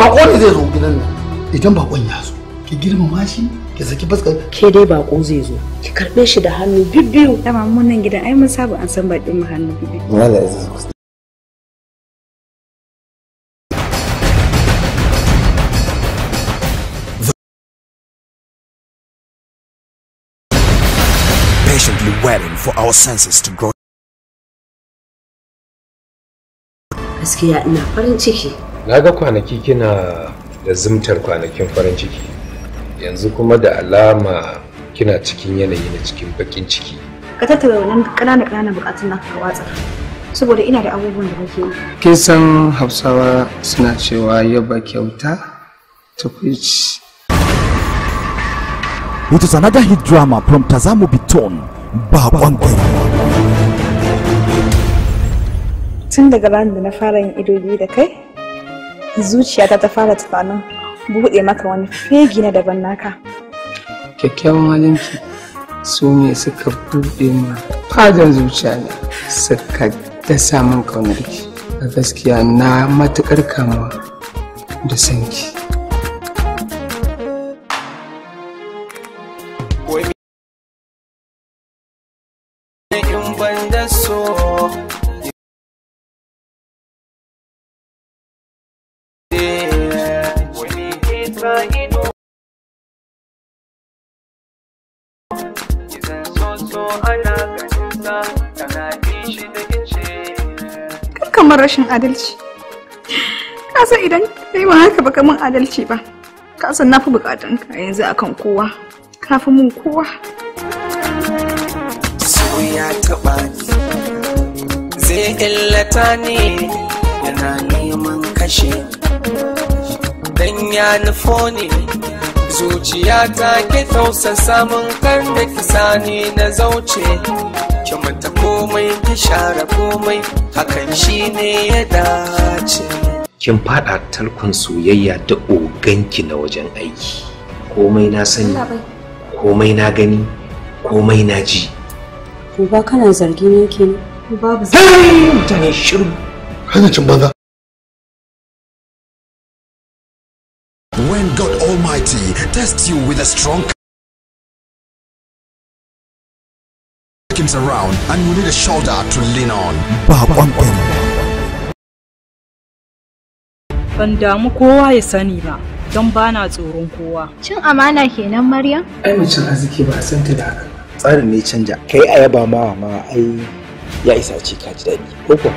bako ne zai zo gidan nan idan bakon ya zo ki girmama shi ki saki fuskar ke dai bako zai zo ki karbe shi da hannu bibbiyu da mamun nan gidan ai mun saba an san bakin mu hannu bibbiyu wallahi zai patiently waiting for our senses to grow. Gaskiya ina farin ciki na ga kwanaki kina da zumtar kwanakin farin ciki yanzu kuma da alama kina cikin yanayi na cikin bakin ciki ka tattara wannan ƙananan ƙananan bukatun naka ka watsa saboda ina da abubuwan da kake yi kin san hausawa suna cewa yaba kyauta ta kuci It is another hit drama from Tazamu Biton, Bakwan Tun daga ranar da na fara yin ido biyu da kai, zuciyata ta fara tunanin buɗe maka wani fegi na daban naka kyakkyawan halinki su ne suka buɗe ma fadan zuciya ne suka dasa min kaunarki a gaskiya na matuƙar kamuwa da sanki min rashin adalci ka san idan kai ba haka baka kamar adalci ba ka san na fi bukatun ka yanzu akan kowa ka fi mun kowa ya taba ni zai illata ni yana neman kashe dan ya nufo ni zuciya ta ke tausa samun kar da kisa na zauce ki mata komai ki share komai hakan shine ya dace kin fada talkun soyayya da oganki na wajen aiki komai na sani komai na gani komai na ji to ba kana zargi ne kenan babu zargi mutane shiru kana cin banza When God Almighty tests you with a strong friends around and you need a shoulder to lean on. Ban damu kowa ya sani ba, don ba na tsoron kowa. Cin amana kenan Maryam? Ai mucin arziki ba san ta da haka. Tsarin ne canja, kai a yaba ma ma ai ya isa ce ka ji daɗi, Koko.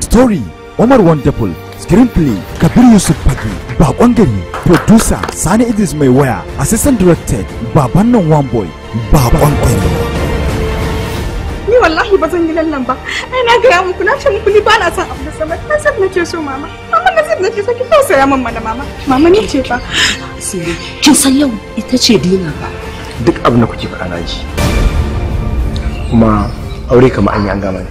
Story Omar Wonderful Screenplay Kabir Yusuf Fagi Bakon Gari Producer Sani Idris Mai Waya Assistant Director Baban Nan One Boy Bakon Gari Ni wallahi ba zan yi lallan ba ai na gaya muku na ce muku ni ba na san abu da sama na san nake so mama amma na san nake so ki tausaya min mana mama mama ni ce fa sai kin san yau ita ce dina ba duk abin da kuke faɗa na ji kuma aure kamar an yi an gama ne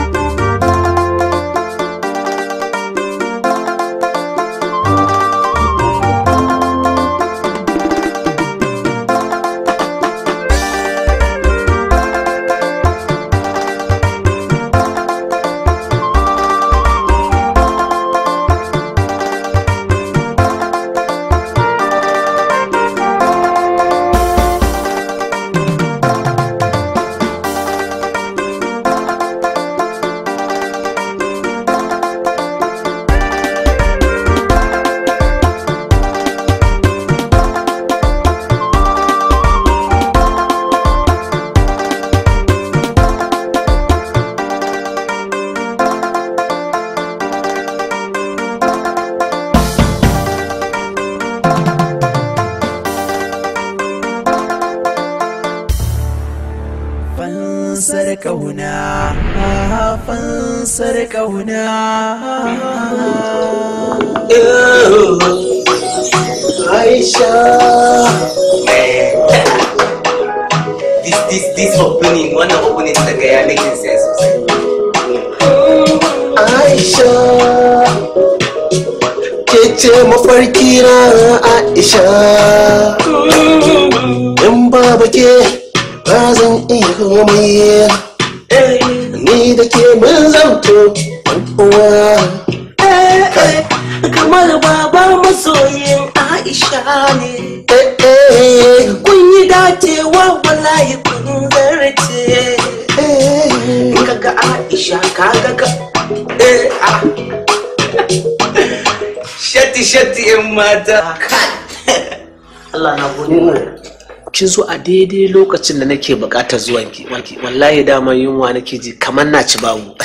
kin zo a daidai lokacin da nake bukatar zuwan ki wallahi dama yunwa nake ji kamar na ci babu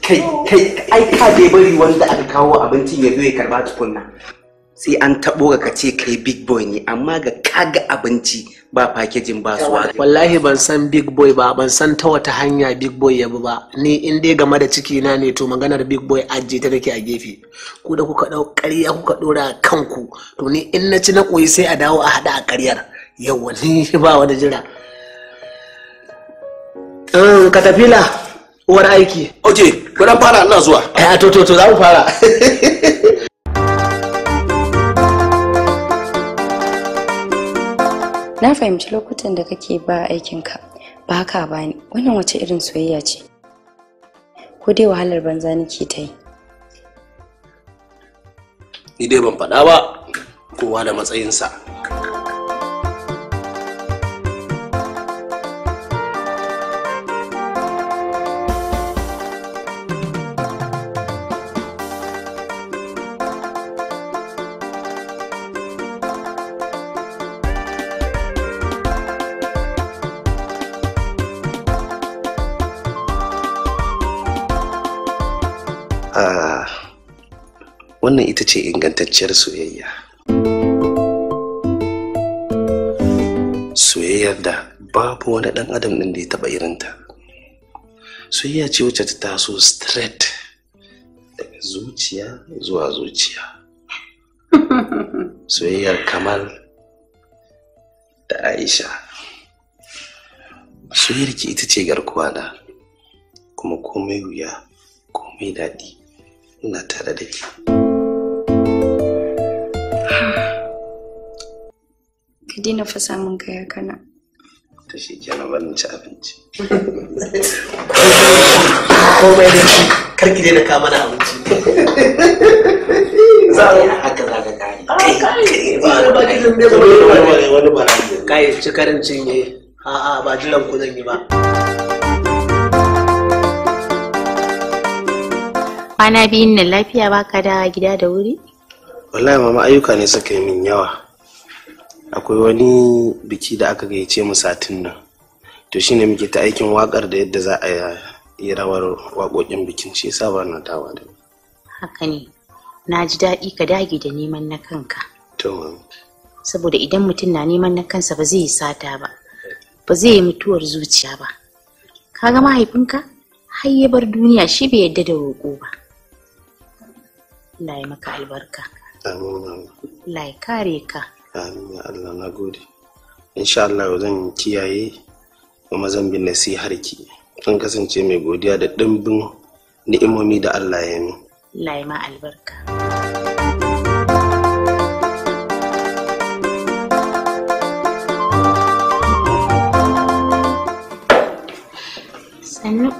kai kai ai ka dai bari wanda aka kawo abincin ya zo ya karba tukunna sai an taɓo ka ce kai big boy ne amma ga kaga abinci ba fakejin ba su wallahi ban san big boy ba ban san ta wata hanya big boy ya bi ba ni in dai game da ciki na ne to maganar big boy ajiye ta take a gefe ku da kuka dau ƙarya kuka dora kanku to ni in na ci na koyi sai a dawo a hada a ƙaryar yawa ni ba wani jira umm, ka tafila uwar aiki oje ku fara ina zuwa eh to to to za mu fara na fahimci lokutan da kake ba aikinka ba ka bani wannan wace irin soyayya ce ko dai wahalar banza nake ta yi ni dai ban faɗa ba kowa da matsayinsa wannan ita ce ingantacciyar soyayya soyayyar da babu wani ɗan adam ɗin da ya taɓa irinta soyayya ce wacce ta taso straight daga zuciya zuwa zuciya soyayyar kamal da aisha soyayyar ki ita ce garkuwa na kuma komai wuya komai daɗi ina tare da ke. ka daina fasa mun kaya kana to shi na ban ci abinci da shi karki daina ka mana abinci za a haka za ka kare kai wani ba kai ci karin cinye a'a ba jiran ku zan yi ba kwana biyun nan lafiya baka da gida da wuri? Wallahi mama ayyuka ne suka yi min yawa. akwai wani biki da aka gayyace mu satin nan to shine muke ta aikin wakar da yadda za a yi rawar waƙoƙin bikin shi yasa ba na dawa da haka ne na ji daɗi ka dage da neman na kanka to saboda idan mutum na neman na kansa ba zai yi sata ba ba zai yi mutuwar zuciya ba kaga mahaifinka har ya bar duniya shi bai yadda da roƙo ba Allah ya maka albarka Allah ya kare ka amin Allah na gode insha Allah zan kiyaye kuma zan bi nasihar ki zan kasance mai godiya da ɗimbin ni'imomi da Allah ya min Allah ma albarka sannu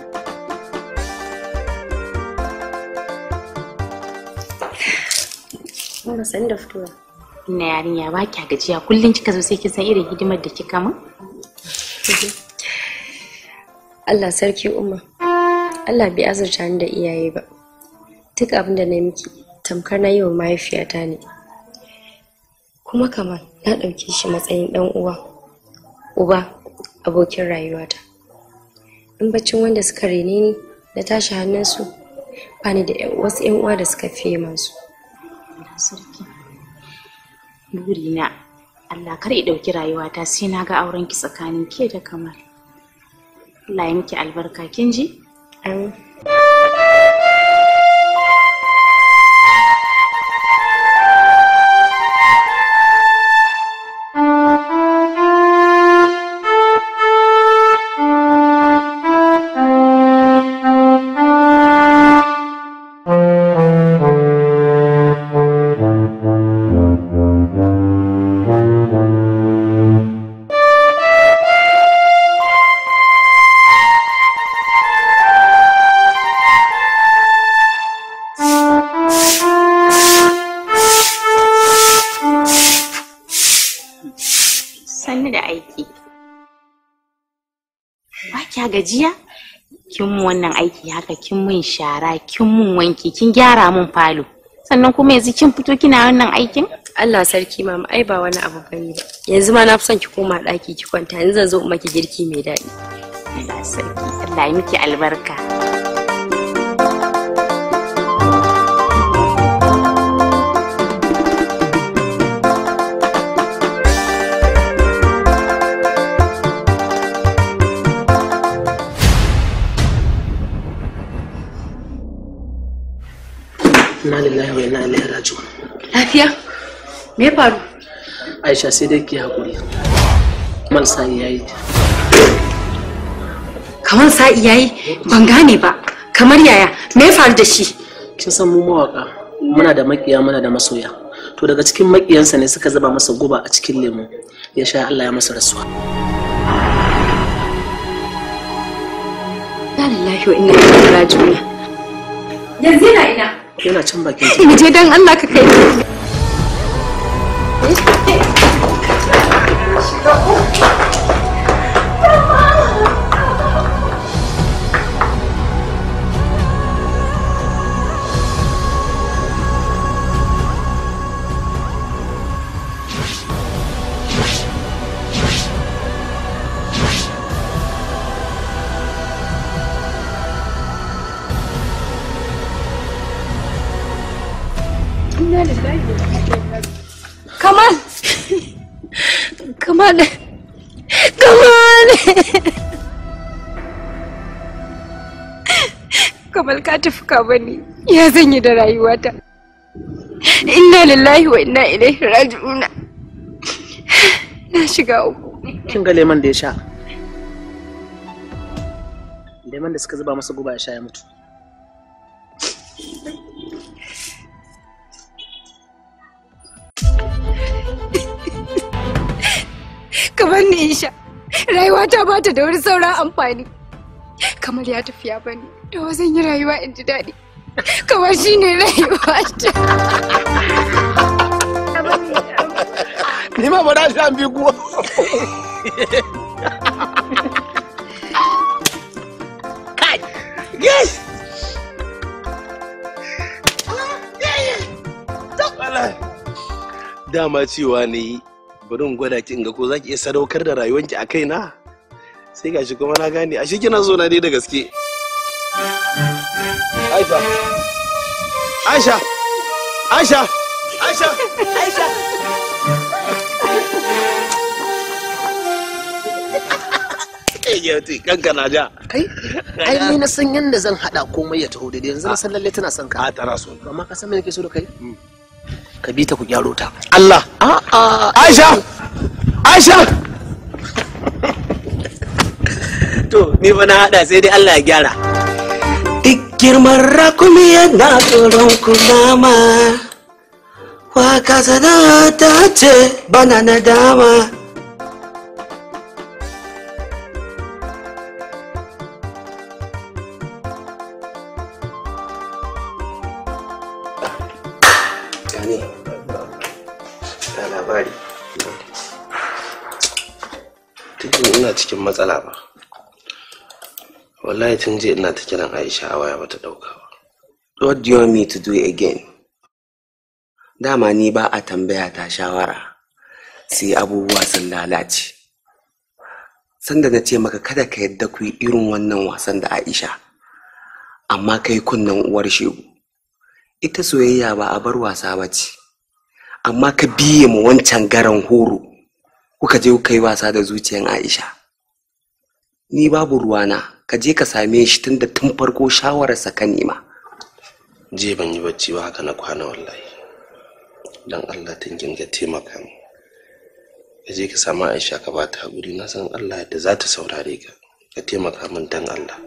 sannu da fitowa ina yarinya ba kya gajiya kullum kika zo sai kin san irin hidimar da kika min Allah sarki umma Allah bai azurta ni da iyaye ba duk abin da na miki tamkar na yi wa mahaifiyata ne kuma kamar na ɗauke shi matsayin ɗan uwa uba abokin rayuwata in bacin wanda suka rene ni na tashi hannunsu ba ni da wasu 'yan uwa da suka fiye masu Buri na. Allah kar ya ɗauki rayuwata sai na ga auren ki tsakanin ke da kamar Allah ya miki albarka kin ji? gajiya kin mun wannan aiki haka kin mun shara kin mun wanki kin gyara mun falo sannan kuma yanzu kin fito kina wannan aikin Allah sarki mama ai ba wani abu bane yanzu ma na fi son ki koma ɗaki ki kwanta yanzu zan zo maki girki mai daɗi Allah sarki Allah yi miki albarka Ina lillahi wa inna ilaihi raji'un. Lafiya? Me ya faru? Aisha sai dai ki hakuri. Mal sa'i yayi. Kamar sa'i yayi ban gane ba. Kamar yaya? Me ya faru da shi? Kin san mu mawaka muna da makiya muna da masoya. To daga cikin makiyansa ne suka zuba masa guba a cikin lemu. Ya sha Allah ya masa rasuwa. La lillahi wa inna ilaihi raji'un. Yanzu ina ina. yana can bakin ciki mu je dan Allah ka kai Shiga ɗauka ba ne ya zanyi da rayuwata inna lillahi wa inna ilaihi raji'una na shiga uku kin ga leman da ya sha leman da suka zuba masa guba ya sha ya mutu kamar ni in sha rayuwata ba ta da wani sauran amfani kamar ya tafiya ba ne Da zan yi rayuwa in ji daɗi kamar shi ne rayuwa ta ni ma ba na sha bi kuwa dama cewa ne bari gwada ki in ga ko zaki iya sadaukar da rayuwanki a kaina sai gashi kuma na gane ashe kina zo na dai da gaske Aisha. Aisha. Aisha. Aisha. Aisha. Yauti kanka na ja. Kai, ai ni na san yanda zan hada komai ya taho daidai yanzu na san lalle tana son ka. A tara so. Amma ka san me nake so da kai? Hmm. Ka bi ta ku gyaro ta. Allah. Aisha. Aisha. To, ni ba na hada sai dai Allah ya gyara. girman rakumi yana tsoron kunama waka sana ta ce bana na dama labari ina cikin matsala ba wallahi tun je ina ta kiran aisha a waya bata dauka ba what do you want me to do again dama ni ba a tambaya ta shawara sai abubuwa sun lalace sanda na ce maka kada ka yadda ku irin wannan wasan da aisha amma kai kunnen uwar shegu ita soyayya ba a bar wasa ba ce amma ka biye mu wancan garan horo kuka je kuka yi wasa da zuciyar aisha ni babu ruwana ka je ka same shi tunda tun farko shawararsa ka nema je ban yi bacci ba haka na kwana wallahi dan Allah ta ginga taimaka mu ka je ka samu Aisha ka ba ta haƙuri na san Allah da za ta saurare ka ka taimaka min dan Allah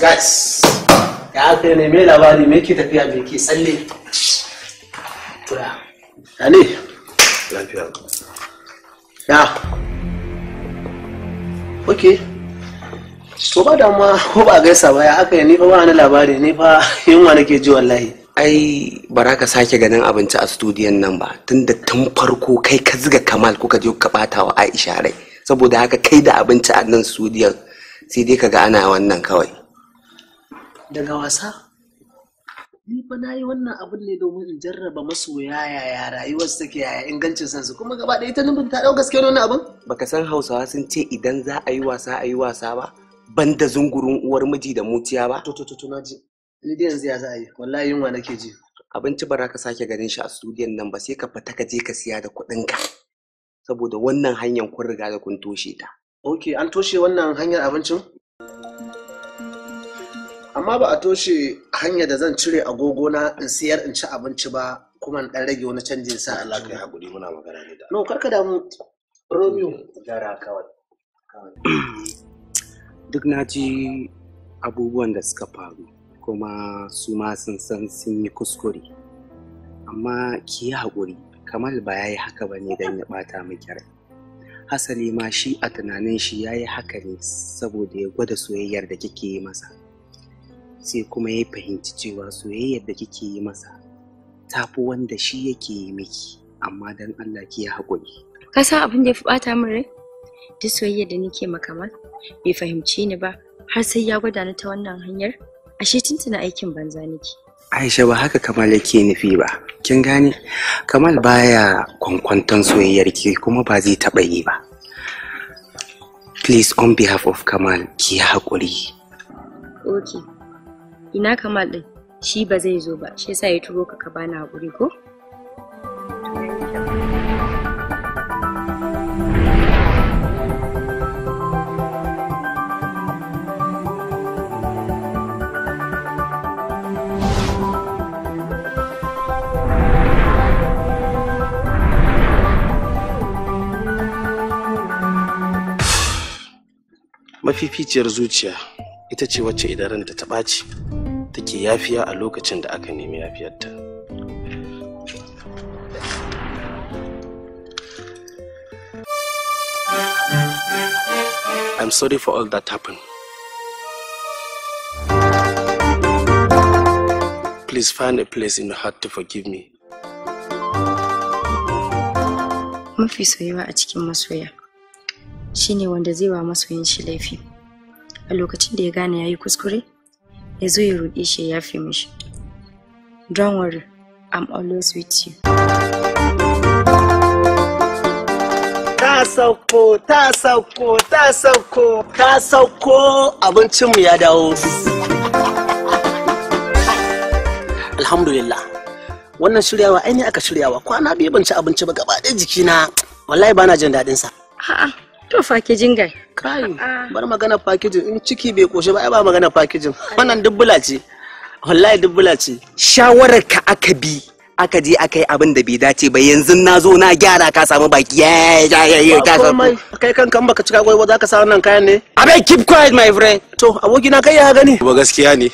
guys ya aka ne me labari me ke tafiya me ke tsalle ya ne lafiya ya ok to ba da ma ko ba gaisa ba ya aka ne ba ni labari ne fa yunwa nake ji wallahi ai ba za ka sake ganin abinci a studiyon nan ba tunda tun farko kai ka ziga kamal kuka je ka bata wa aisha rai saboda haka kai da abinci a nan studiyon sai dai ka ga ana wannan kawai daga wasa ni fa na yi wannan abin ne domin in jarraba masoya yaya rayuwar su take yaya ingancin sansu kuma gaba ɗaya ita nufin ta ɗau gaske wani abin. baka san hausawa sun ce idan za a yi wasa a yi wasa ba ban da zungurun uwar miji da mutiya ba. to to to na ji ni dai yanzu ya za a yi wallahi yunwa nake ji. abinci ba ka sake ganin shi a studiyon nan ba sai ka fita ka je ka siya da kuɗinka saboda wannan hanyar kun riga da kun toshe ta. ok an toshe wannan hanyar abincin. amma ba a toshe hanyar da zan cire agogo na in siyar in ci abinci ba kuma in dan rage wani canjin sa Allah kai hakuri muna magana ne da no karka mu Romeo gara kawai duk na ji abubuwan da suka faru kuma su ma sun san sun yi kuskure amma ki yi hakuri. kamal ba ya yi haka ba ne don ya ɓata miki rai hasali ma shi a tunanin shi ya yi haka ne saboda ya gwada soyayyar da kike yi masa sai kuma ya fahimci cewa soyayyar da kike yi masa ta fi wanda shi yake yi miki amma dan Allah ki haƙuri. Ka san abin da ya fi ɓata min rai? Duk soyayyar da nake ma bai fahimci ni ba har sai ya gwada ni ta wannan hanyar ashe tuntuna aikin banza nake. Aisha ba haka Kamal yake nufi ba. Kin gane? Kamal baya kwankwanton soyayyar ki kuma ba zai taɓa yi ba. Please on behalf of Kamal ki haƙuri. Okay. ina kamal din shi ba zai zo ba shi yasa ya turo ka ka bani hakuri ko mafificiyar zuciya ita ce wacce idan ranta ta ɓaci take yafiya a lokacin da aka nemi yafiyarta I'm sorry for all that happened. Please find a place in your heart to forgive me. Mafi soyewa a cikin masoya shine wanda zai wa masoyin shi laifi. A lokacin da ya gane ya yi kuskure, ya zo ya ruɗe shi ya fi mishi don't worry i'm always with you ta sauko ta sauko ta sauko ta sauko abincinmu ya dawo alhamdulillah wannan shiryawa aini aka shiryawa kwana biyu ban ci abinci ba gaba ɗaya jikina wallahi bana jin daɗinsa a'a To fakijin gai. Kai, bar magana fakijin in ciki bai koshe ba ai ba magana fakijin. Wannan dubbula ce. Wallahi dubbula ce. Shawarar ka aka bi aka je aka yi abin da bai dace ba yanzu na zo na gyara ka samu baki ya ya ya ya ka samu kai kan kan baka cika ba za ka sa wannan kayan ne abai keep quiet my friend to abokina kai ya gani ba gaskiya ne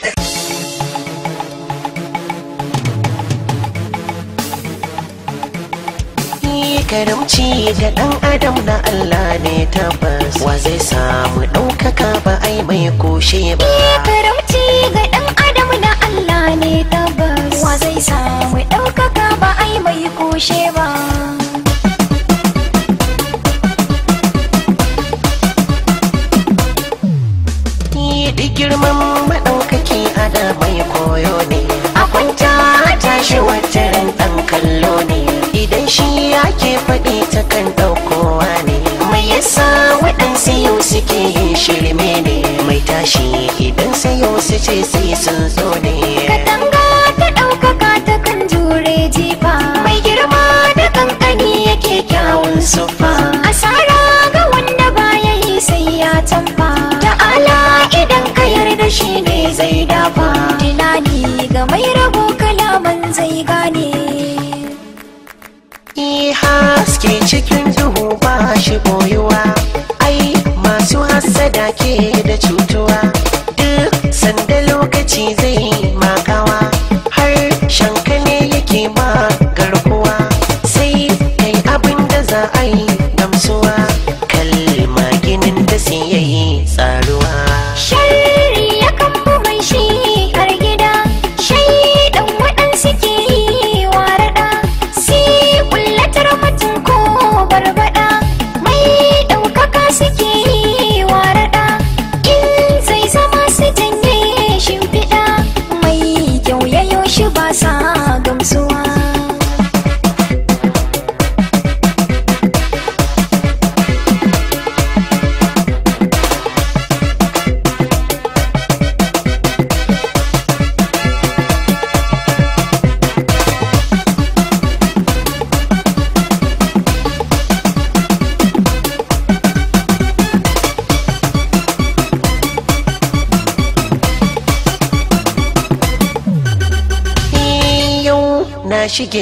karamci da ɗan adam na Allah ne tabbas wa zai samu ɗaukaka ba ai mai kushe ba karamci ga ɗan adam na Allah ne tabbas wa zai samu ɗaukaka ba ai mai kushe ba girman maɗaukaki ana mai koyo ne a kwanta tashi wata ɗan kallo ne idan shi ke faɗi ta kan ɗaukowa ne mai yasa waɗansu yau suke yin shirme ne mai tashi idan sayo su ce sai sun zo ne katanga ta ɗaukaka ta kan jure jifa mai girma da kankani yake kyawun sufa asara ga wanda baya yi sai ya tamfa ta'ala idan ka yarda shi ne zai dafa tunani ga mai rabo kalaman zai gane ke cikin duhu ba shi boyuwa ai masu hasada ke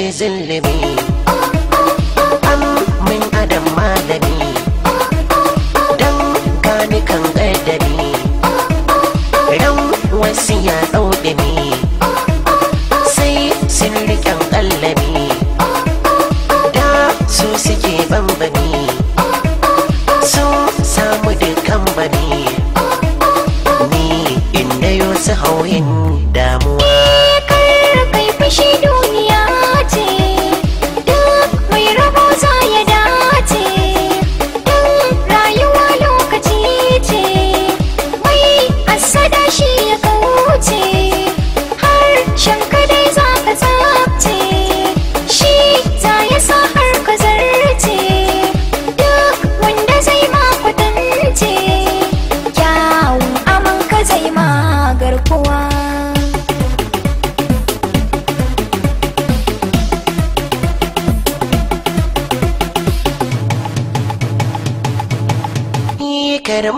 is not it?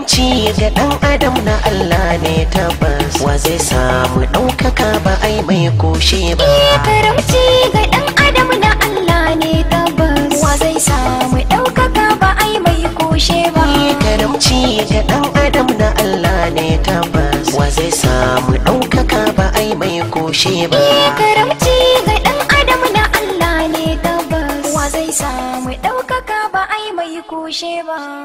karamci ga ɗan adam na Allah ne tabbas wa zai samu ɗaukaka ba ai mai koshe ba eh karamci ga ɗan adam na Allah ne tabbas wa zai samu ɗaukaka ba ai mai koshe ba eh karamci ga ɗan adam na Allah ne tabbas wa zai samu ɗaukaka ba ai mai koshe ba eh karamci ga ɗan adam na Allah ne tabbas wa zai samu ɗaukaka ba ai mai koshe ba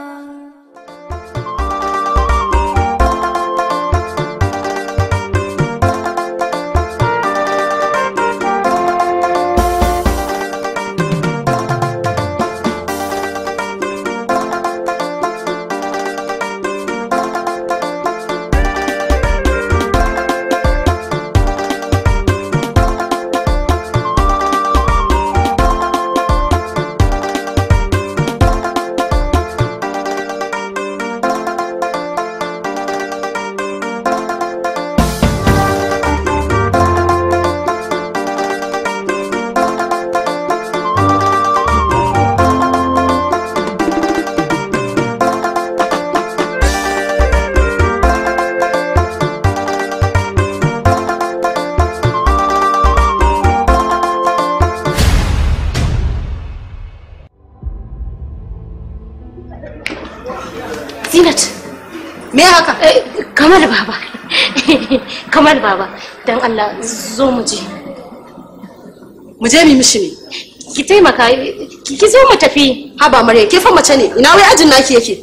Kamal baba don Allah zo mu je. Mu je mu mishi ne. Ki taimaka ki zo mu tafi. Haba mare ke fa mace ne ina wai ajin naki yake?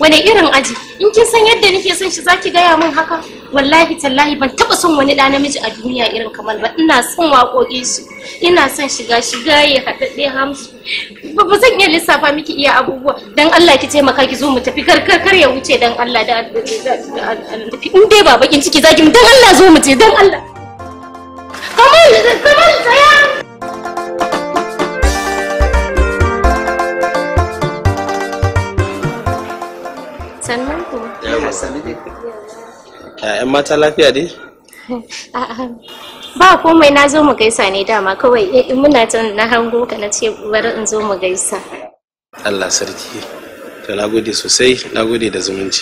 Wane irin aji? In kin san yadda nake son shi zaki gaya min haka? wallahi tallahi ban taba son wani da namiji a duniya irin kamar ba ina son waƙoƙin su ina son shiga shiga ya haɗaɗɗe hamsu ba zan iya lissafa miki iya abubuwa dan Allah ki taimaka ki zo mu tafi kar kar ya wuce dan Allah da tafi in dai ba bakin ciki zaki dan Allah zo mu je dan Allah kamal kamar tsaya sannan ku yawa sannan 'Ya'yan mata lafiya dai? Ba komai na zo mu gaisa ne dama kawai eh, muna ta na hango ka na ce bari in zo mu gaisa. Allah sarki. To na gode sosai, na gode da zumunci.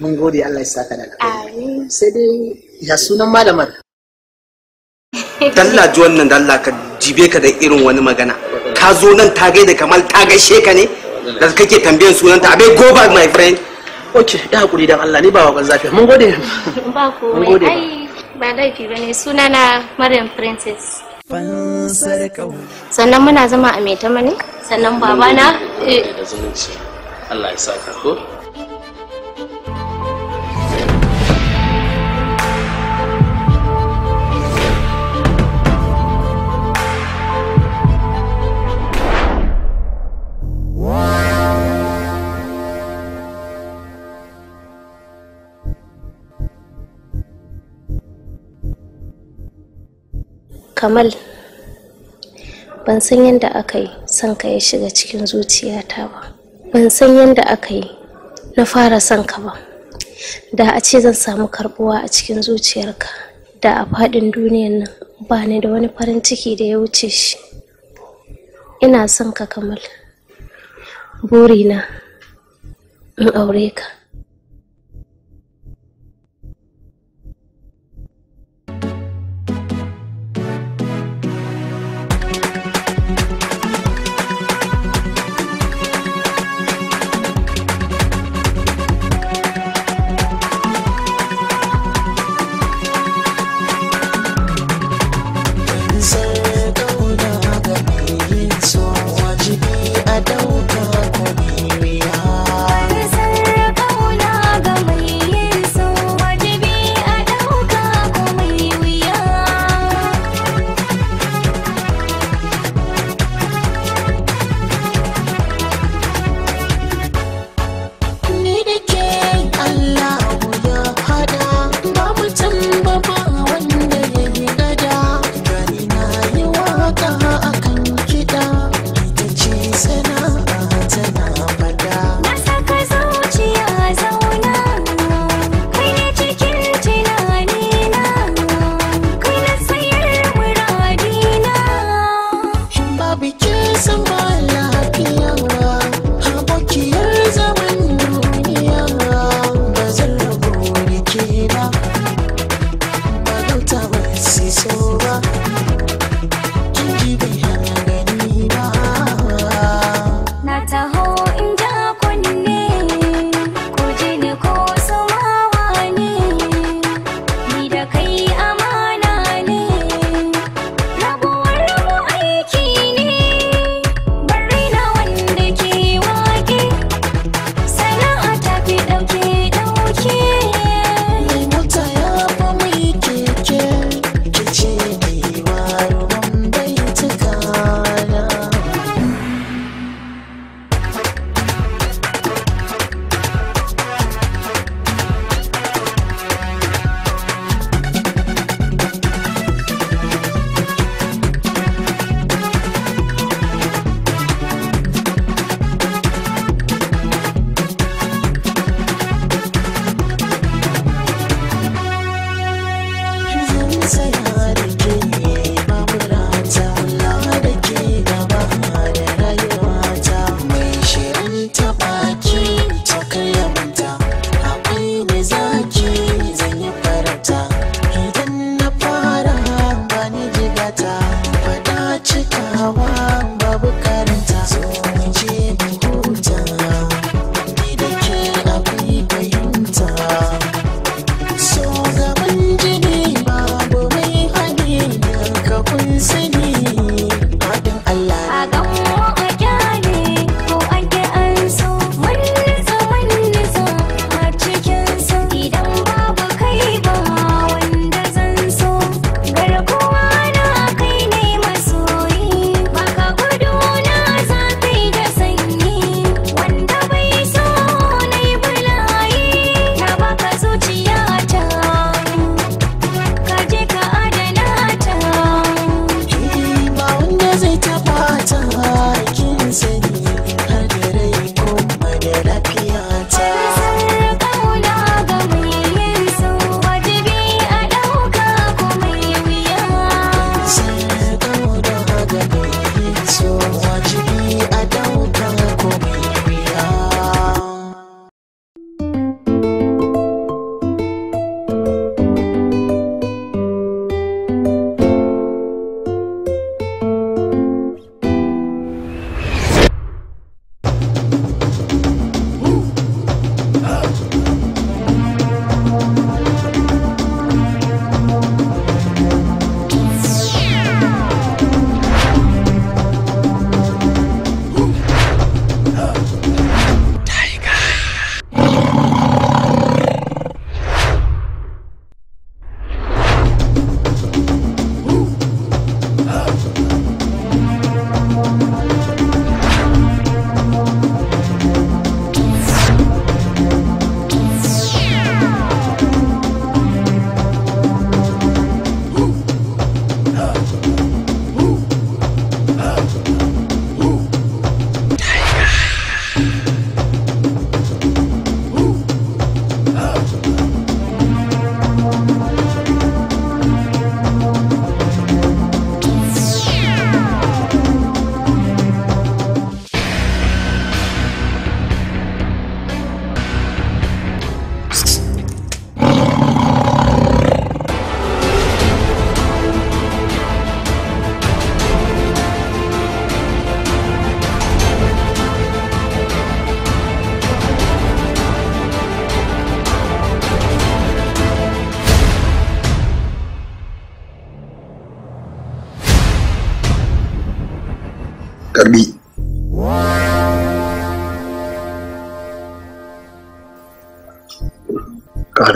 Mun gode Allah ya saka da Sai dai ya sunan malamar. Dalla ji wannan dalla ka jibe ka da irin wani magana. Ka zo nan ta gaida kamar ta gaishe ka ne? Da kake tambayan sunanta abai go back my friend. ok ya hakuri dan Allah ni ba wa zafi mun gode ba komai ai ba laifi bane suna na Maryam Princess sannan muna zama a maitama ne sannan babana na eh. Allah ya saka ko Wow. kamal ban san yadda aka yi ka ya shiga cikin zuciyata ba ban san yadda aka yi na fara son ka ba da a ce zan samu karbuwa a cikin zuciyarka da a faɗin duniyan nan ba ni da wani farin ciki da ya wuce shi ina son ka kamal burina in aure ka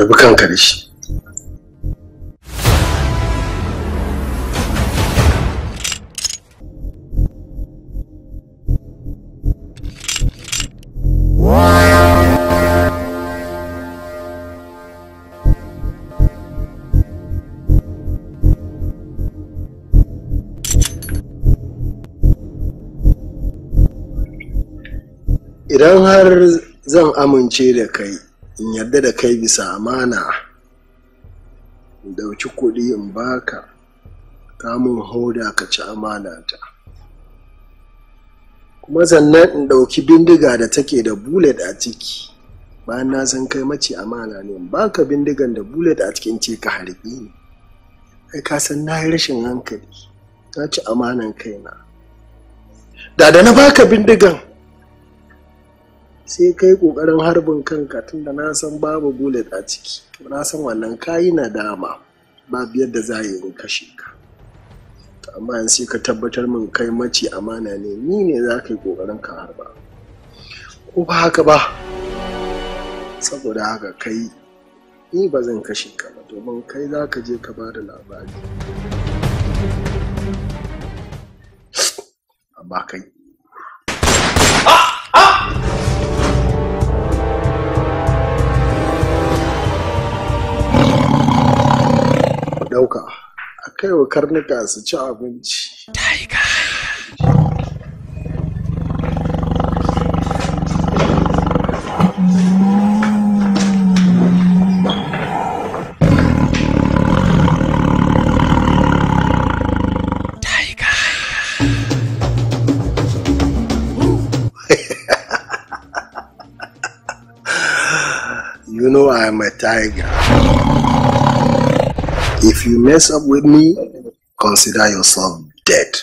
dubi kanka da shi idan har zan amince da kai in yarda da kai bisa amana in dauki kuɗi in baka kamun hoda ka ci amana ta kuma sannan in ɗauki bindiga da take da bullet a ciki bayan na san kai mace amana ne in baka bindigan da bullet a cikin ce ka harbi ne kai ka san na yi rashin hankali na ci amanan kaina da da na baka bindigan sai kai kokarin harbin kanka tunda na san babu bullet a ciki to na san wannan kayi na dama babu yadda za a yi kashe ka amma in sai ka tabbatar min kai mace amana ne ni ne za ka yi kokarin ka harba ko ba haka ba saboda haka kai ni ba zan kashe ka ba domin kai za ka je ka ba da labari amma kai ɗauka a karnuka su ci abinci You know I'm a tiger. If you mess up with me, consider yourself dead.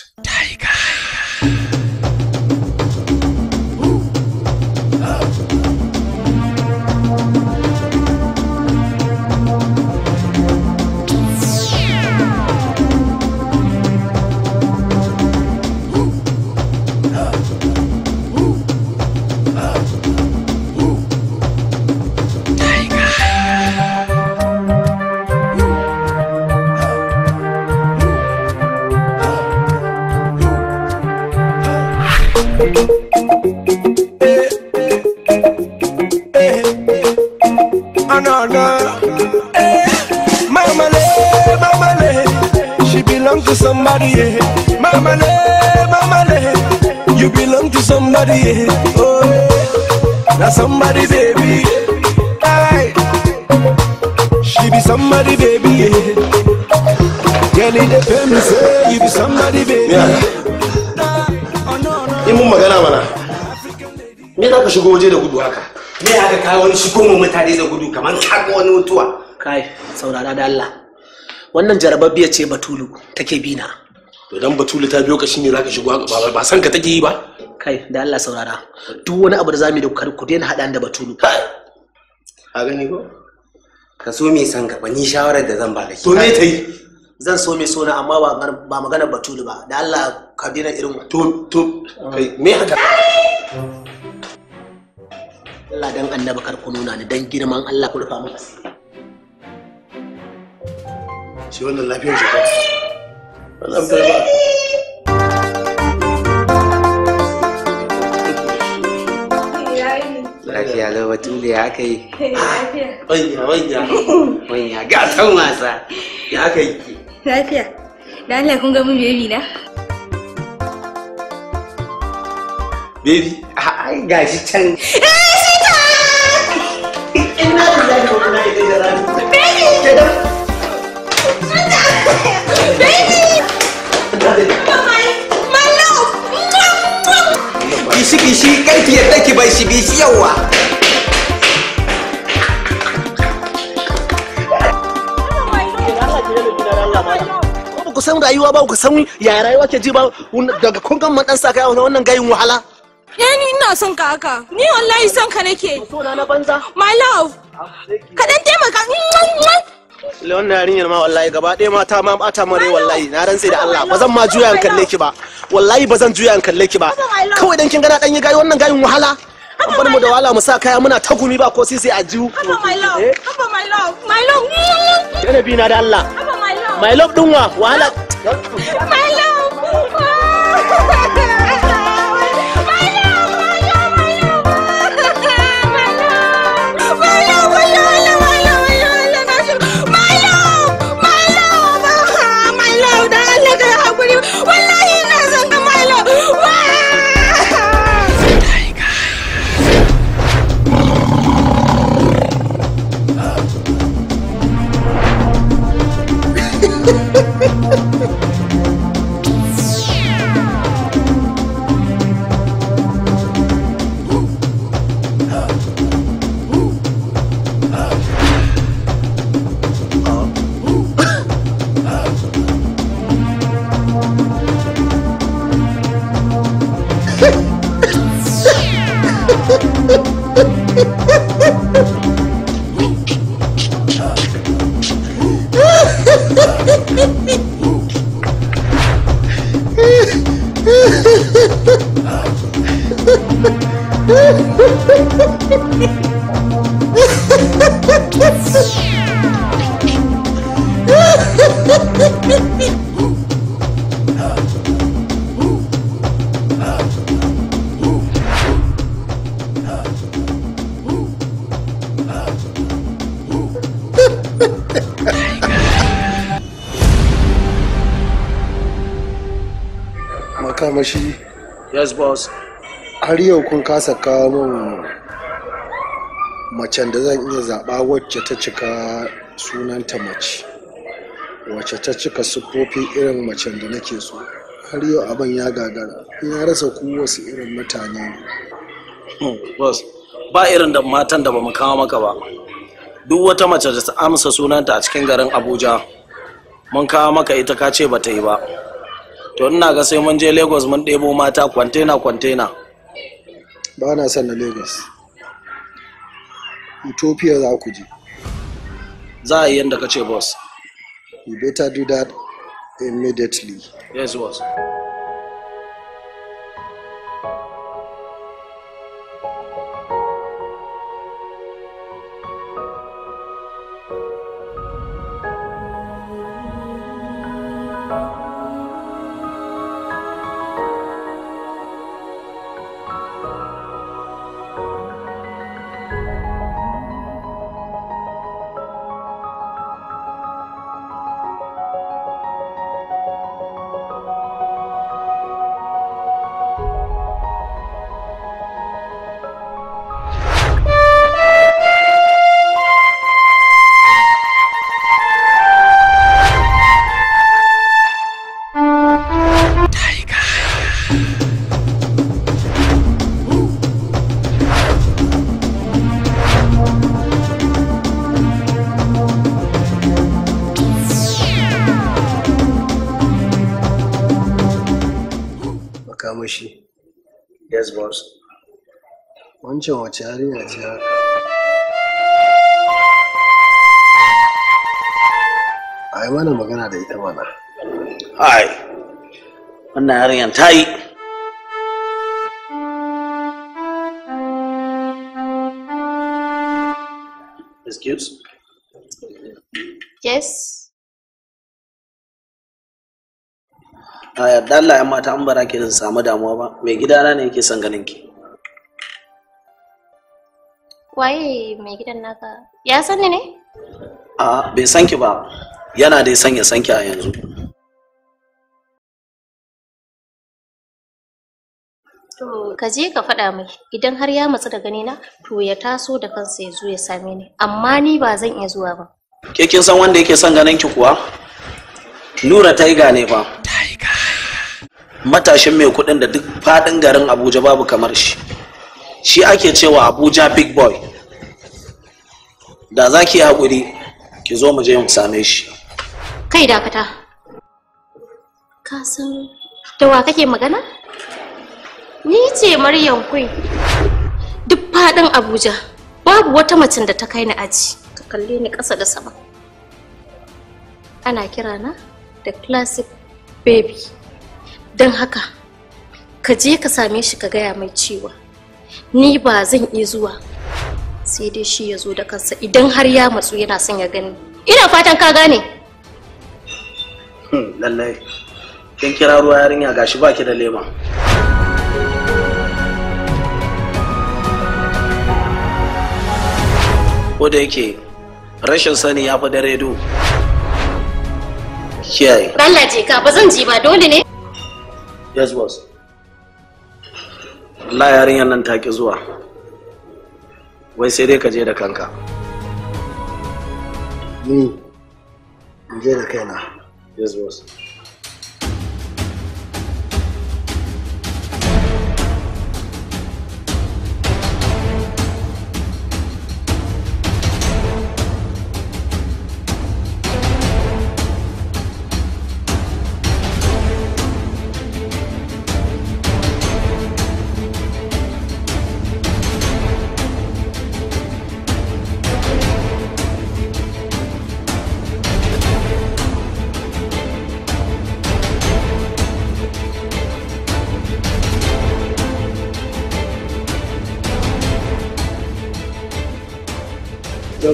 somebody, eh? Mama, le, mama, le. You belong to somebody, eh? Oh, yeah. Now somebody, baby. Aye. She be somebody, baby, Eh? Girl, it depends, say you be somebody, baby. Yeah. In mun magana mana. Me za ka shigo waje da gudu haka? Me haka kawo wani shigo mu mutane da gudu kamar ga wani mutuwa? Kai, saurara da Allah. wannan jarababiya ce batulu take bina to dan batulu ta biyo ka shine zaka shigo ba ba san ka take yi ba kai da Allah saurara duk wani abu da zamu da ku daina hada da batulu a gani ko ka so me san gaba ni shawarar da zan ba ki to me tai zan so me so na amma ba ba magana batulu ba da Allah ka daina irin to to kai me haka Allah dan annabi kar ku nuna ni dan girman Allah ku rufa mu shi wannan lafiyar shi Wannan Lafiya lau batule ya aka yi. Wanya wanya. Wanya ga wasa. Ya aka yi. Lafiya. Da Allah kun ga bebi na. Baby, ai gashi can. Eh, shi ta. Ina da zaka kuma ita da zaka. Baby. Ke da. kishi kishi karki yadda ki bai shi bishi yawa ku san rayuwa ba ku san ya rayuwa ke ji ba daga kun gan dan saka yawa wannan gayin wahala eh ni ina son ka haka ni wallahi son ka nake so na banza my love ah, ka dan taimaka le wannan yarinyar ma wallahi gaba ɗaya mata ma bata mare wallahi na rantse da Allah ba zan ma juya in kalle ki ba wallahi ba zan juya in kalle ki ba kawai dan kin gana dan yi gayi wannan gayin wahala an bar mu da wahala mu sa kaya muna ta gumi ba ko sai a jiwu haba my love eh? haba my love my love yana bi na da Allah haba my love my love din wa wahala my love Ha ha ha! almakashi yes boss har yau kun kasa kawo min macen da zan iya zaɓa wacce ta cika sunanta mace wacce ta cika siffofi irin macen da nake so har yau abin ya gagara ya rasa ku wasu irin mutane ne boss ba irin da matan da ba mu kawo maka ba duk wata mace da ta amsa sunanta a cikin garin abuja mun kawo maka ita ka ce ba ta yi ba to ina ga sai mun je lagos mun ɗebo mata kwantena kwantena ba na son na lagos utopia za ku je za a yi yadda ka ce boss you better do that immediately yes boss Yes, boss. Wancan wace yarinya ce haka? A yi mana magana da ita mana. Hai, wannan yarinyar ta yi. Excuse? Yes. a yarda Allah ya mata an bara ki samu damuwa ba mai gidana ne yake son ganin ki waye mai gidan naka ya sani ne a bai san ki ba yana dai son ya san ki a yanzu To ka je ka faɗa mai idan har ya matsu da na to ya taso da kansa ya zo ya same ni amma ni ba zan iya zuwa ba. Ke kin san wanda yake son ganin ki kuwa? Nura ta yi gane fa. matashin mai kuɗin da duk faɗin garin abuja babu kamar shi shi ake cewa abuja big boy da za ki haƙuri ki zo mu je mu same shi kai dakata ka san da wa kake magana ni ce maryam kwai duk faɗin abuja babu wata macen da ta kai ni aji ka kalle ni ƙasa da sama ana kira na da classic baby don haka ka je ka same shi ka gaya mai cewa ni ba zan iya zuwa sai dai shi ya zo da kansa idan har ya matsu yana son ya gani ina fatan ka gane hmm, lallai kin kira ruwa yarinya gashi baki da lema ko da yake rashin sani ya fi da redo kiyaye Allah je ka ba zan ji ba dole ne yes boss la yarinyar nan ta ki zuwa wai sai dai ka je da kanka ni je da kaina yes boss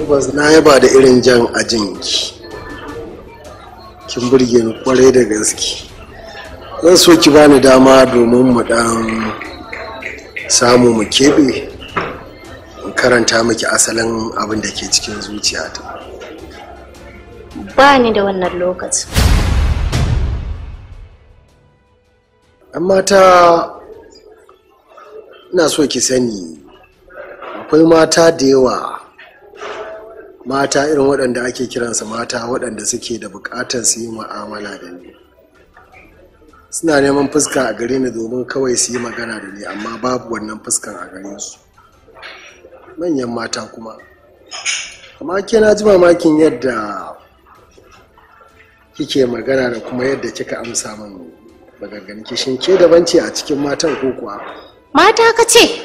tabbas na yaba da irin jan jinki, kin burge ni kwarai da gaske zan so ki bani dama domin mu dan samu mu keɓe karanta miki asalin abin da ke cikin zuciyata ba da wannan lokacin amma ta ina so ki sani akwai mata da yawa mata irin waɗanda ake kiransa mata waɗanda suke da buƙatar su yi mu'amala da ni suna neman fuska a gare ni domin kawai su yi magana da ni amma babu wannan fuskan a gare su manyan mata kuma amma ke na ji mamakin yadda kike magana da kuma yadda kika amsa min maganganun kishin ke daban ce a cikin matan ko kuwa mata ka ce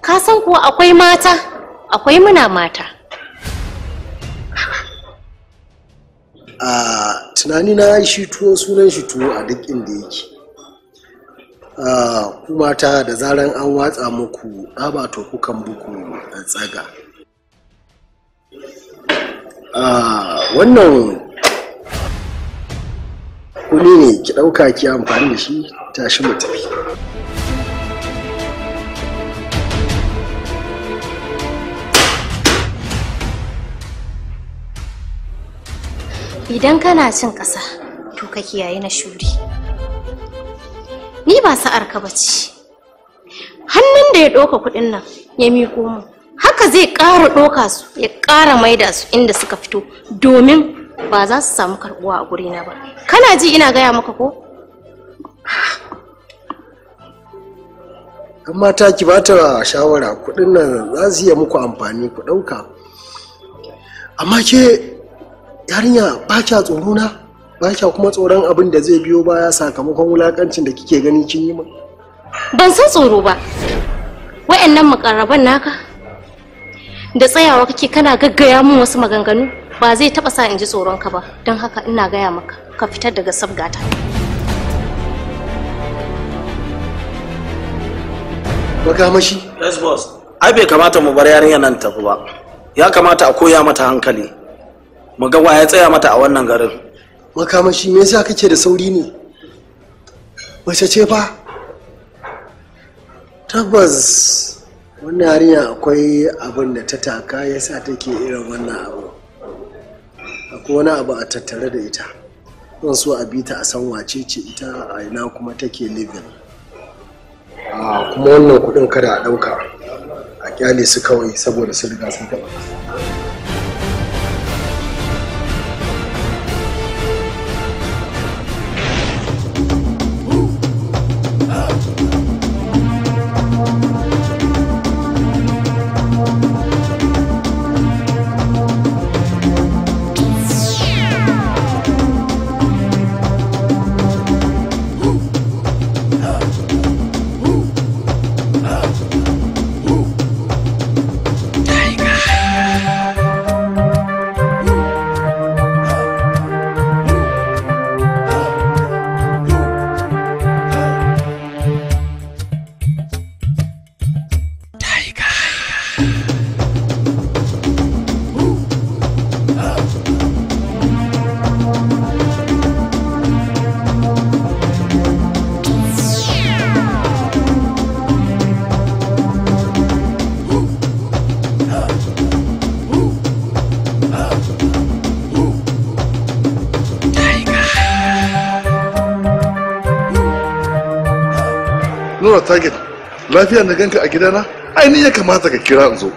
ka san kuwa akwai mata akwai muna mata a tunani na shi tuwo sunan shi tuwo a duk inda yake kuma ta da zaran an watsa muku aba to kukan buku a tsaga wannan kuni ne ki ɗauka ki amfani da shi tashi mu tafi Idan kana cin ƙasa, to ka kiyaye na shuri. Ni ba sa'ar ka bace. Hannun da ya ɗoka kuɗin nan ya miko mu. Haka zai ƙara ɗoka su, ya ƙara maida su inda suka fito, domin ba za su samu karɓuwa a gurina ba. Kana ji ina gaya maka ko? kan mata ki ba ta shawara kuɗin nan za su iya muku amfani ku ɗauka amma ke yarinya ba kya tsoro na ba kya kuma tsoron abin da zai biyo baya sakamakon wulakancin da kike gani kin yi min ban san tsoro ba wayannan mukarraban naka da tsayawa kake kana gaggaya min wasu maganganu ba zai taba sa in ji tsoron ka ba don haka ina gaya maka ka fitar daga sabgata makamashi yes boss ai bai kamata mu bar yarinya nan tafi ba ya kamata a koya mata hankali mu ya tsaya mata a wannan garin makamashi me yasa kake da sauri ne wace ce fa tabbas wannan yarinya akwai abin da ta taka yasa take irin wannan abu akwai wani abu a tattare da ita zan so a bita a san wace ce ita a ina kuma take living kuma wannan kudin kada a dauka a kyale su kawai saboda su riga sun taba zuwa target lafiya na ganka a gidana ainihin ya kamata ka kira in zo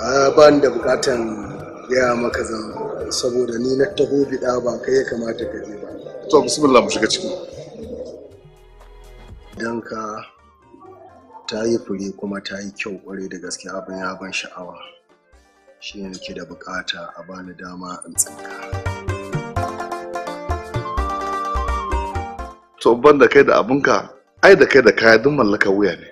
a ba ni da bukatan gaya maka zango. saboda ni na taho bida ba kai ya kamata ka je ba to bismillah mu shiga ciki dan ka ta yi fure kuma ta yi kyau kwarai da gaske abin ya ban sha'awa shi ne nake da bukata a bani dama in tsinka to ban da kai da abinka ai da kai da kaya duk mallakar wuya ne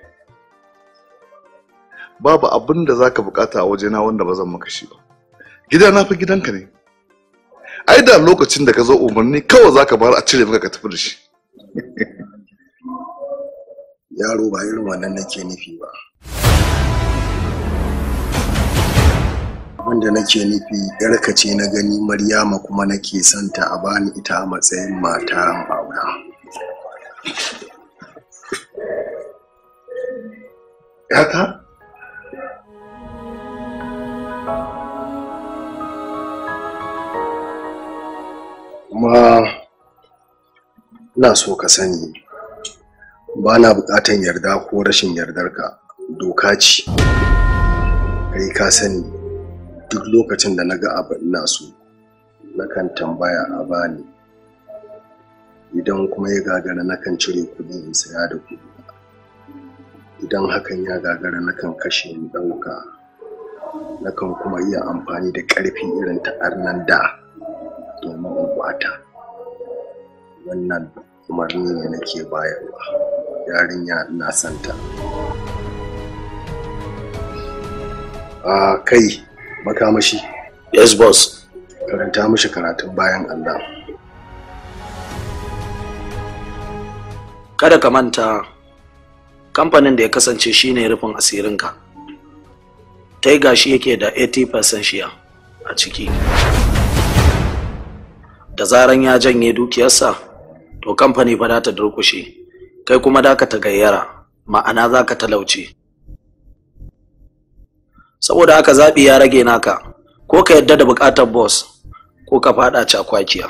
babu abin da zaka bukata a wajena wanda ba zan maka shi ba gida na fa gidanka ne ai da lokacin da ka zo umarni kawai zaka bar a cire maka ka tafi da shi yaro ba irin wannan nake nufi ba wanda nake nufi yarka ce na gani maryama kuma nake santa a bani ita a matsayin mata aura ‘yata? Kuma ina so ka sani ba na buƙatan yarda ko rashin yardarka doka ce. Kai ka sani duk lokacin da na ga abu ina so nakan tambaya a bani. Idan kuma ya gagara nakan cire kuɗi in saya da kuɗi. idan hakan ya gagara na kan kashe ni ɗauka kan kuma iya amfani da ƙarfi irin ta arnan da domin in wannan umarni ne nake bayarwa yarinya na santa a kai makamashi yes boss karanta mashi karatun bayan allah kada ka manta kamfanin da ya kasance shi ne rufin asirinka ta yi gashi yake da 80% shiya a ciki da zaran ya janye dukiyarsa to kamfani fa ta durkushe kai kuma da ka tagayyara ma'ana za ka talauce saboda haka zaɓi ya rage naka ko ka yadda da buƙatar boss ko ka faɗa cakwakiya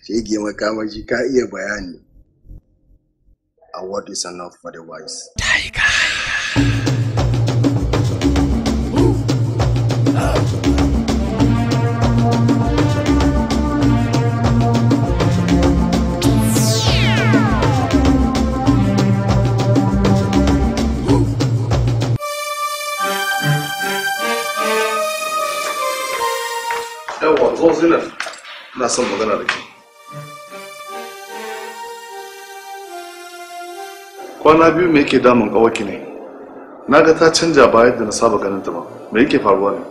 shi makamashi ka iya bayani A word is enough for the wise. Tiger. Yawwa, zo zinar, ina son magana da ke. kwana biyu me yake damun kawaki ne na ga ta canja ba yadda na saba ganin ta ba me yake faruwa ne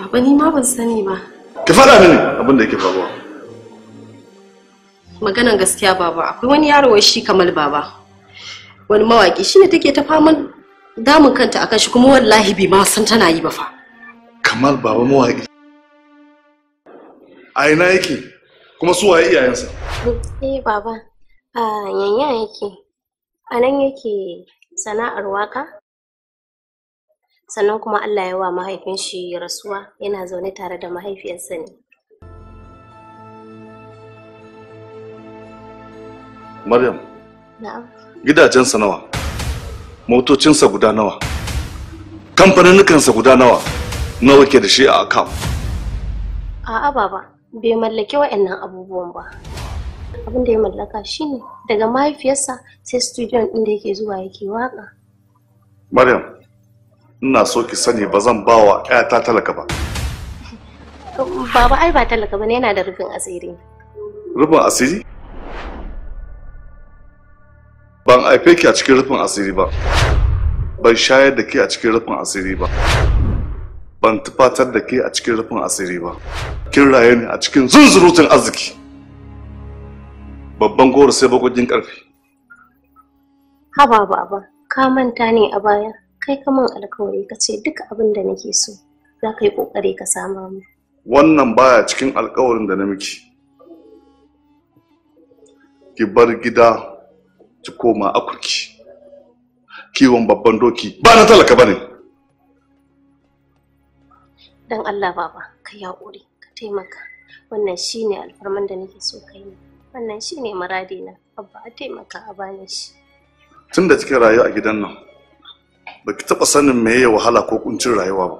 Baba ni ma ban sani ba. Ki faɗa mini abin da yake faruwa. Maganan gaskiya baba akwai wani yaro wai shi kamal baba. Wani mawaki shi ne take ta faman damun kanta akan shi kuma wallahi bai ma san tana yi ba fa. Kamal baba mawaki. A ina yake? Kuma su waye iyayensa? Eh baba. a Yanya yake a nan yake sana'ar waka sannan kuma Allah ya wa mahaifin shi rasuwa yana zaune tare da mahaifiyarsa ne Maryam gidajensa nawa motocinsa guda nawa kamfaninnikansa guda nawa nawa ke da shi a akam a'a baba bai mallaki waɗannan abubuwan ba abin da ya mallaka shine daga mahaifiyarsa sai studiyon inda yake zuwa yake waka maryam ina so ki sani ba zan ba wa ƴata talaka ba baba ai ba talaka bane yana da rufin asiri rufin asiri ban haife ki a cikin rufin asiri ba ban shayar da ke a cikin rufin asiri ba ban tufatar da ke a cikin rufin asiri ba kin raye ne a cikin zunzurutun arziki babban goro sai bakokin karfe haba baba ka manta ne a baya kai ka mun alkawari ka ce duk abin da nake so za ka yi kokari ka sama mu wannan baya cikin alkawarin da na miki ki bar gida ki koma akurki kiwon babban doki ba na talaka bane dan Allah baba ka yaƙuri ka taimaka wannan shine alfarman da nake so kai ne wannan shi ne maradi na, abba a taimaka a bani shi tun da cikin rayuwa a gidan nan ba ki taɓa sanin me ya wahala ko kuncin rayuwa ba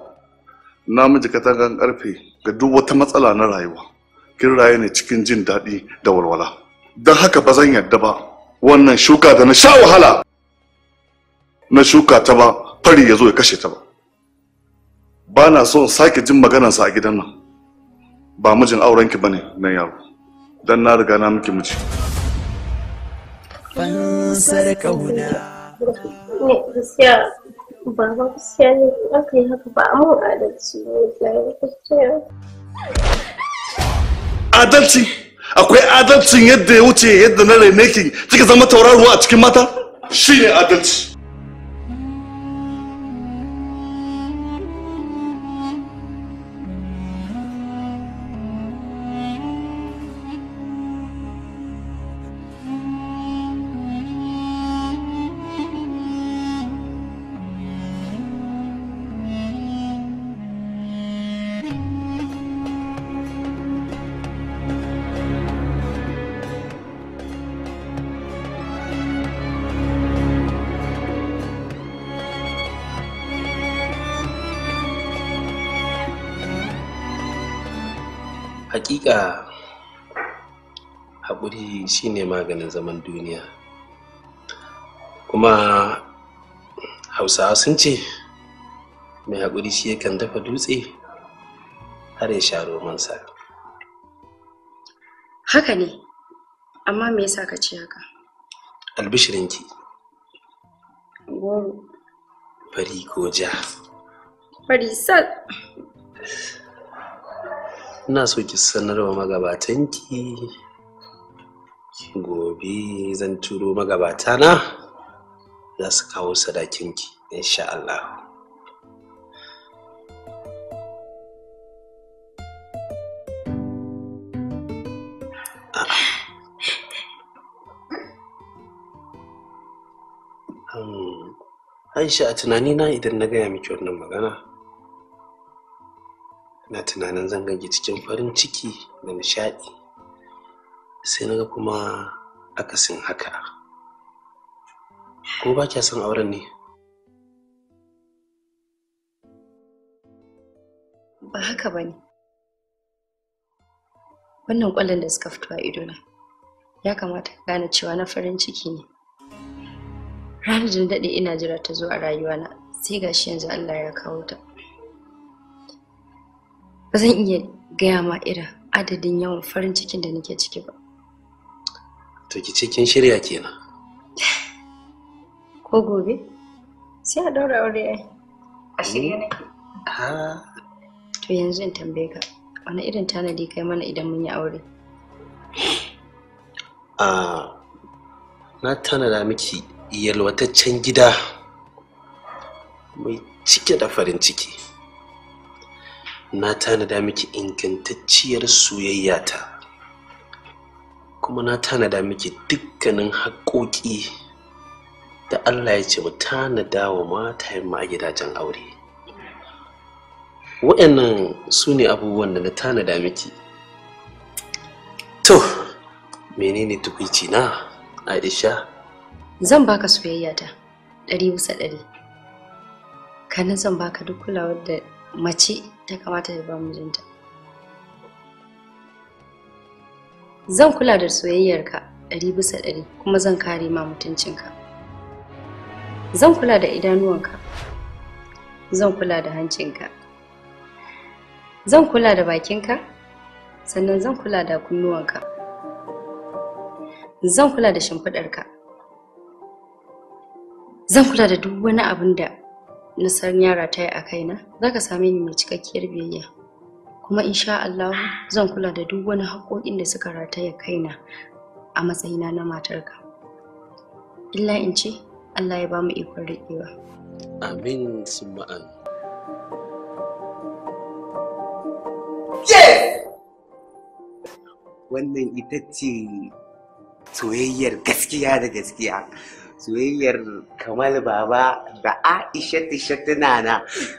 na miji katangan karfe ga duk wata matsala na rayuwa kin raye ne cikin jin daɗi da walwala don haka ba zan yarda ba wannan shuka da na sha wahala na shuka ta ba fari ya zo ya kashe ta ba ba na son sake jin maganarsa a gidan nan ba mijin aurenki ba ne nan yaro dan na riga na miki miji fansar kauna gaskiya ba ba gaskiya ne aka yi haka ba amma adalci ne gaskiya adalci akwai adalcin yadda ya wuce yadda na raine ki kika zama tauraruwa a cikin mata shine adalci shi shine maganin zaman duniya kuma hausawa sun ce mai haƙuri shi yakan dafa dutse har ya sha romansa haka ne amma me yasa ka ce haka albishirinki goro fari ko ja fari sal ina so ki sanarwa magabatanki gobe zan turo magabata na za su kawo sadakinki insha Allah ah. hmm. Aisha a na idan na gaya miki wannan magana na tunanin zan gangi cikin farin ciki da nishaɗi sai na ga kuma akasin haka ko ba kya son auren ne ba haka ba ne wannan kwallon da suka fito a ido na, ya kamata ka gane cewa na farin ciki ne ranar da daɗe ina jira ta zo a rayuwana sai gashi yanzu allah ya kawo ta ba zan iya gaya ma irin adadin yawan farin cikin da nake ciki ba To ki ce kin shirya kenan. Ko gobe? Sai a ɗaura aure ai. A shirya hmm. ne. Ha. To yanzu in tambaye ka, wani irin tanadi kai mana idan mun yi aure? Ah, na tanada miki yalwataccen gida mai cike da farin ciki. Na tanada miki ingantacciyar soyayyata. ta. kuma na tanada miki dukkanin haƙoƙi da Allah ya ce mu tanada wa matayen ma gidajen aure wa'annan su ne abubuwan da na tanada miki to menene tukwici na aisha zan baka soyayya ta ɗari bisa ɗari kanin zan baka duk kulawar da mace ta kamata ta ba mijinta Zan kula da soyayyarka ɗari bisa ɗari kuma zan kare ma mutuncinka. Zan kula da idanuwanka. Zan kula da hancinka. Zan kula da bakinka. Sannan zan kula da kunnuwanka. Zan kula da shimfiɗarka. Zan kula da duk wani abin da nasar yara ta yi a kaina. Za ka same ni mai cikakkiyar biyayya. kuma insha Allah zan kula da duk wani haƙoƙin da suka rataya kaina a matsayina na matarka illa in ce Allah ya ba mu ikon riƙewa amin summa'an wannan ita ce soyayyar gaskiya da gaskiya soyayyar kamal baba da aisha tana na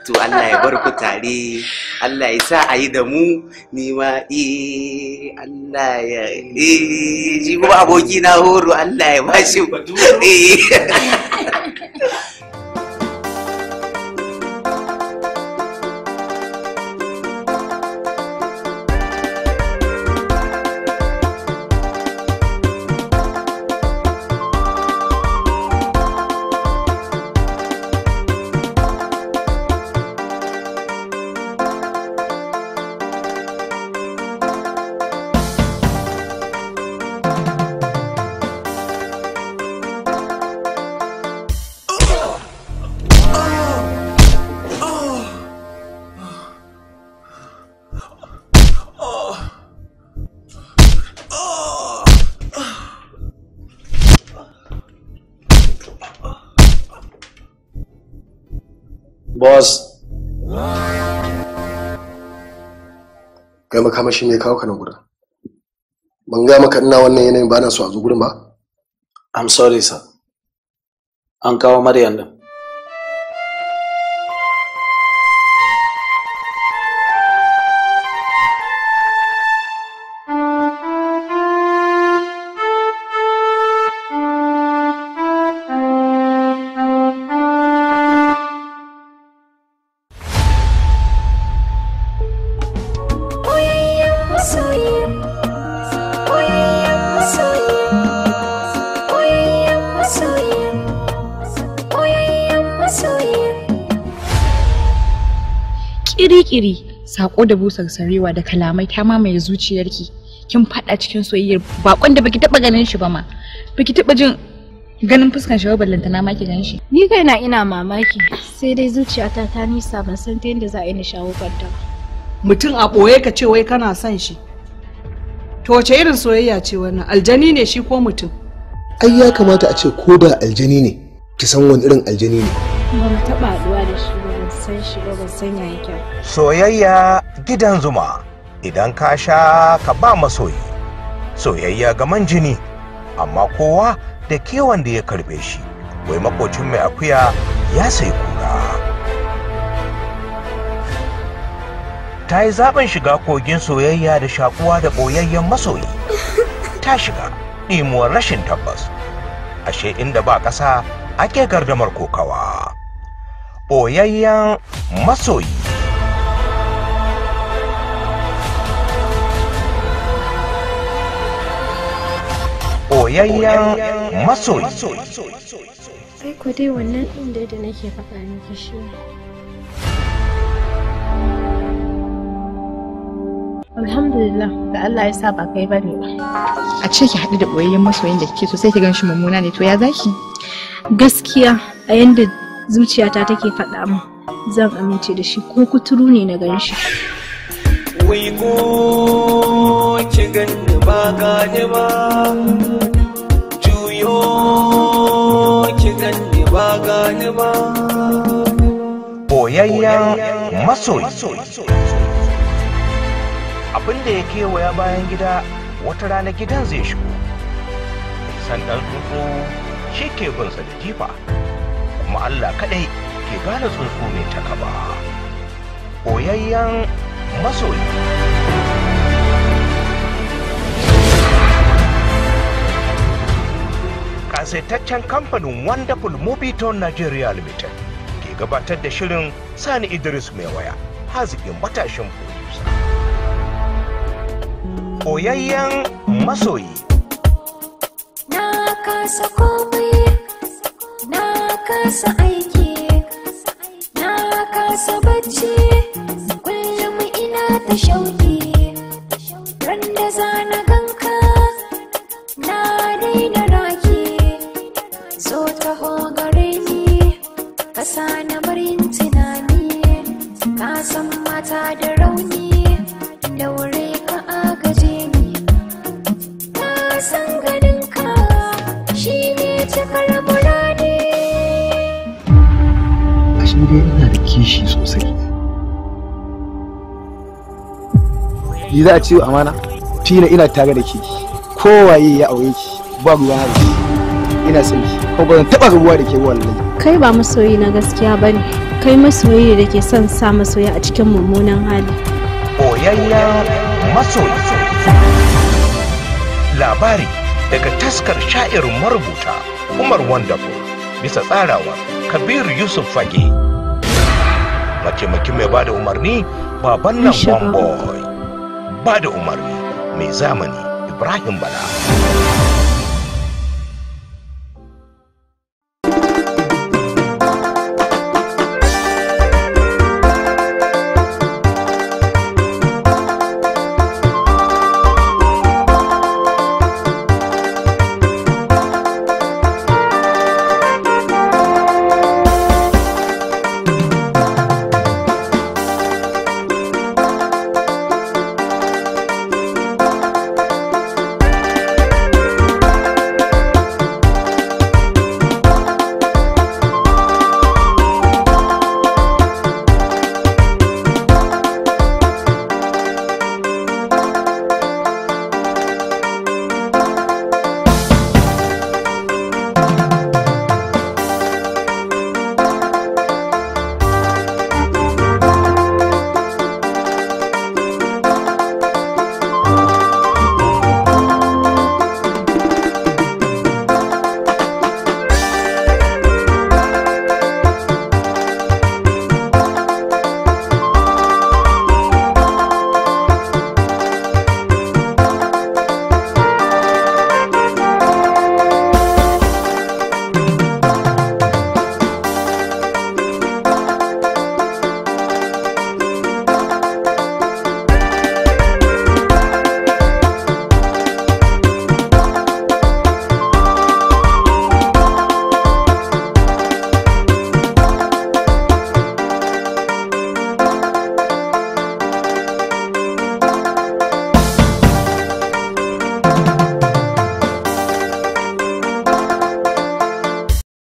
to allah ya bar ku tare allah ya sa a yi da mu ni ma e allah ya e ji aboki na horo allah ya bashi eh kai makamashi mai kawo ka na ban gaya maka ina wannan yanayin ba na so a zo gurin ba i'm sorry sir an kawo maryam din sako da busar sarewa da kalamai ta mamaye zuciyarki kin fada cikin soyayyar bakon da baki taba ganin shi ba ma baki taba jin ganin fuskan shi ballanta na maki ganin shi ni kaina ina mamaki sai dai zuciyata ta nisa ban san ta yadda za a yi nishawo shawo mutum a boye ka ce wai kana son shi to wace irin soyayya ce wannan aljani ne shi ko mutum ai ya kamata a ce ko da aljani ne ki san wani irin aljani ne ba mu taba haduwa da shi soyayya gidan zuma idan ka sha ka ba masoyi soyayya ga man jini amma kowa da kewan da ya karbe shi wai makocin mai akuya ya sai kura ta yi zaɓen shiga kogin soyayya da shakuwa da ɓoyayyen masoyi ta shiga ɗimuwar rashin tabbas ashe inda ba ƙasa ake gardamar kokawa ɓoyayyen masoyi ɓoyayyen masoyi Sai ku dai wannan inda da nake faɗa miki shi alhamdulillah da Allah ya sa ba kai ne ba a ce ki haɗu da ɓoyayyen masoyin da kike so sai ki gan shi mummuna ne to ya zaki gaskiya a yanda zuciyata take faɗa min zan amince da shi ko kuturu ne na gan shi wai ko ki ganni ba gane ba juyo ki ganni ba gane ba boyayyen masoyi abin da ya kewaya bayan gida wata rana gidan zai shigo sandan ɗan shi ke gunsa da jifa kuma Allah kaɗai ke gane tsunko mai takaba. Boyayyen masoyi. Kasaitaccen kamfanin Wonderful Mobiton Nigeria Limited ke gabatar da shirin Sani Idris mai waya, haziƙin matashin producer. oyayyan masoyi. Na kasa komai kasa aiki na kasa bacci kullum ina ta shauki ni za a ciwo amana fina ina tare da ke kowaye ya aure ki ba ruwa da ke ina son ki ko ba zan taba ruwa da ke wallahi kai ba masoyi na gaskiya bane kai masoyi da ke son sa masoyi a cikin mummunan hali boyayya masoyi labari daga taskar sha'irin marubuta Umar Wonderful bisa tsarawa Kabiru Yusuf Fage mace mai bada umarni baban nan one boy ba da umarni mai zamani Ibrahim Bala.